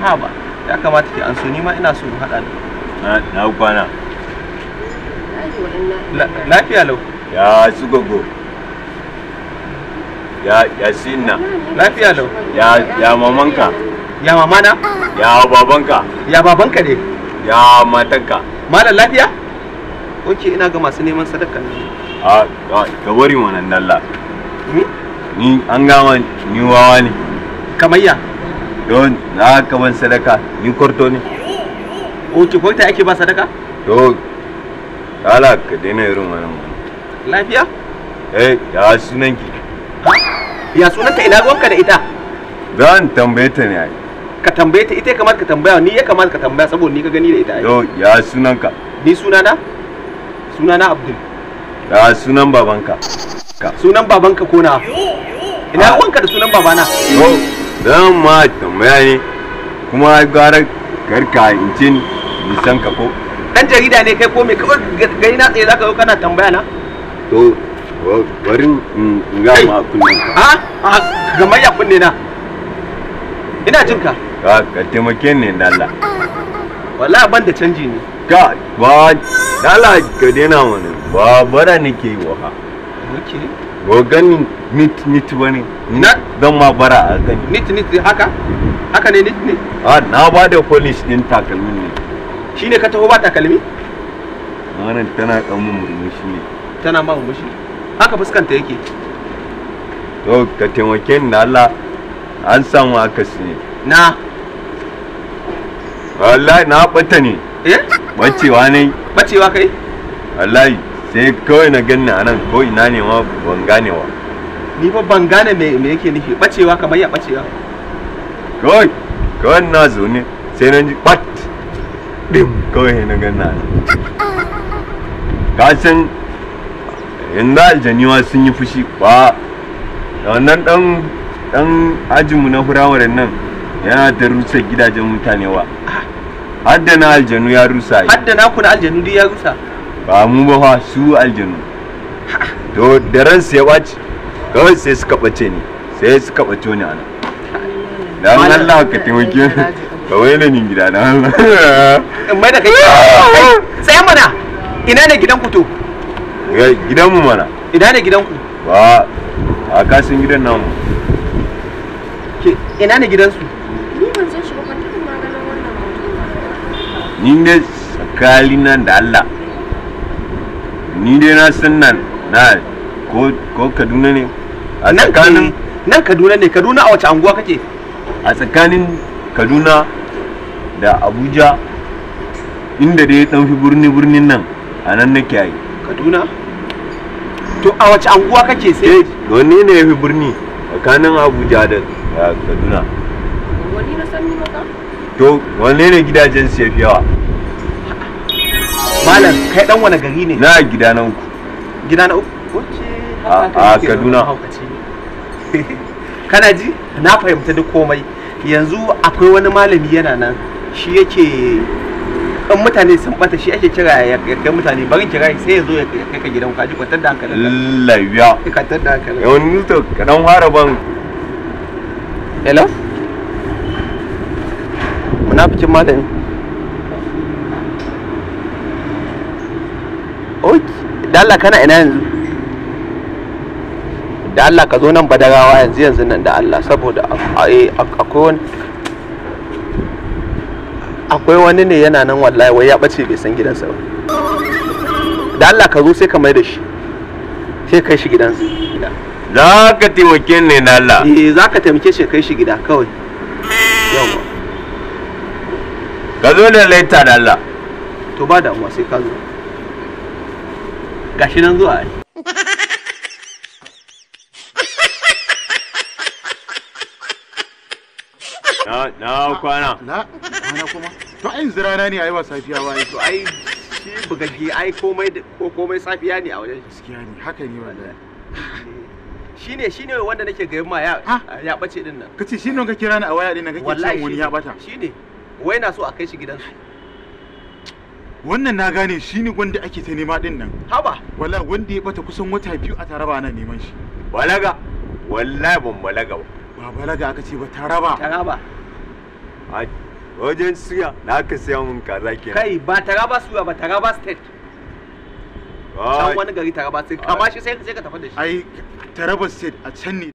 haba ya kamata ki an so ni ma ina so hada da na kwana lafiya lau ya su gogo ya ya sinna lafiya lau ya ya mamanka ya mamana ya babanka ya babanka ne ya matanka malam lafiya oke ina ga masu neman sadaka ne a ka bari wannan dalla hmm? ni an gama ni wawa ne kamayya don na ka ban sadaka ni kwarto ne o ci kwarta ake ba sadaka to ala ka daina irin wannan lafiya eh ya sunan ki ya sunan ta ina gwanka da ita dan tambaye ta ne ai ka tambaye ta ita kamar ka tambaya ni ya kamar ka tambaya saboda ni ka gani da ita ai to ya sunan ka ni sunana sunana abdul ya sunan babanka sunan babanka ko na ina gwanka da sunan babana to don ma tambaya ne kuma gara karka in ce nisan ka ko dan jarida ne kai ko me kawai gani na tsaye zaka zo kana tambaya na to bari in ga ma kunnen ka a kamar kunne na ina jin ka ka ka taimake ni da Allah wallahi ban da canji ne ka ba Allah ka daina mana ba bara nake yi wa ha okay ganin. nit nit na don ma bara a gani nit nit haka haka ne nit nit a ah, na ba da polish din takalmin ne shine ka taho ba takalmi wannan tana kan mun murmushi ne tana ma murmushi haka fuskanta yake to ka taimake ni da Allah an samu akasi ne na wallahi na bata ne eh bacewa ne bacewa kai wallahi sai kawai na ganna anan ko ina ne ma ban ganewa ni fa ban gane me me yake nufi bacewa kamar ya bacewa kawai kawai na zo ne sai na ji bat dim kawai na ganna ka san yanzu aljaniwa sun yi fushi ba wannan dan dan ajinmu na hurawarin nan yana da rusa gidajen mutane wa haddana aljanu ya rusa haddana kuna aljanu duk ya rusa ba mu ba su aljanu to da ransu ya ɓaci kawai sai suka ɓace ni sai suka ɓace ni ana dan Allah ka eh, taimake eh, ni ka waina ni gida na Allah eh, mai da kai sai mana ina ne gidan ku to gidan mu mana ina ne gidan ku ba a kasin gidan namu ina ne gidan su ni ban ne sakali nan da Allah ni dai na san nan na ko kaduna ne a tsakanin nan kaduna ne kaduna a wace anguwa kake a tsakanin kaduna da abuja inda dai dan fi birni birnin nan a nan nake yi kaduna to a wace anguwa kake sai wani eh, ne ya fi birni tsakanin abuja da kaduna wani na maka to wanne ne gidajen su fi yawa malam kai dan wani gari ne na gida na uku gida na uku a kaduna kana ji na fahimta duk komai yanzu akwai wani malami yana nan shi yake in mutane sun bata shi ake kira ya kai mutane barin kira sai ya zo ya kai ka gidan kaji kwatar da hankali lafiya kwatar da hankali yawan nuto ka dan fara ban hello munafikin malami ok dalla kana ina yanzu da Allah ka zo nan badarawa yanzu yanzu nan da Allah saboda eh, akwai wani ne yana nan wallahi wai ya bace bai san gidansa ba da Allah ka zo sai ka mai da shi sai kai shi gidansa za ka taimake ne na Allah eh za ka taimake shi kai shi gida kawai ka zo da laita da Allah to ba damuwa sai ka zo gashi nan zuwa ai na kwana na kwana kuma to ai zirana ne ai ba safiya ba to ai shi bugagge ai komai ko komai safiya ne a wajen gaskiya ne haka ne wallahi shine shine wanda nake ga ma ya ya bace din nan kace shine ka kira ni a waya din nan kake cewa wani ya bata shine wai na so a kai shi gidansu wannan na gane shi ne wanda ake ta nema din nan haba wala wanda ya bata kusan wata biyu a taraba ana neman shi balaga wallahi ban balaga ba ba balaga aka ce ba taraba taraba wajen suya na ka siya mun kaza kenan kai ba taraba suya ba taraba state can wani gari taraba state kama shi sai ka tafi da shi ai taraba state a can ne